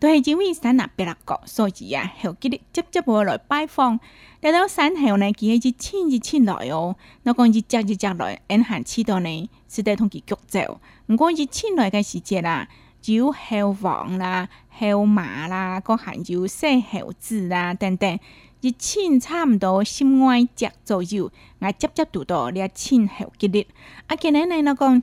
都係因為山脈比較高，所以啊，猴嘰哩接接會來拜訪。但到山猴呢，見一啲一千一千來哦，我講一隻一隻來，俺行起到呢，先得通去捉走。毋過一千來個時節啦，就有猴房啦、猴嫲啦，嗰還有生猴子啦等等，一千差唔多十外隻左右，我接接到到兩千猴嘰哩。啊，今晡日呢，我講。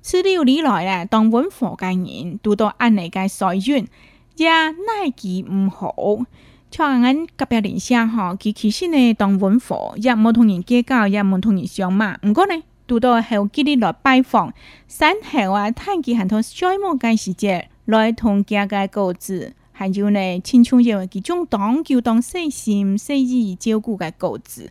自溜里來啊，當溫和嘅人，堵到恁泥嘅衰運，也奈佢毋何。像俺隔壁鄰舍，吼，佢其實呢當溫和，也冇同人計較，也冇同人相罵。唔過呢，堵到猴嘰哩來拜訪，想好啊，趁佢喺度衰末嘅時節，來同家嘅果子，還有呢，親兄弟，佢種當就當細心、細緻照顧嘅果子。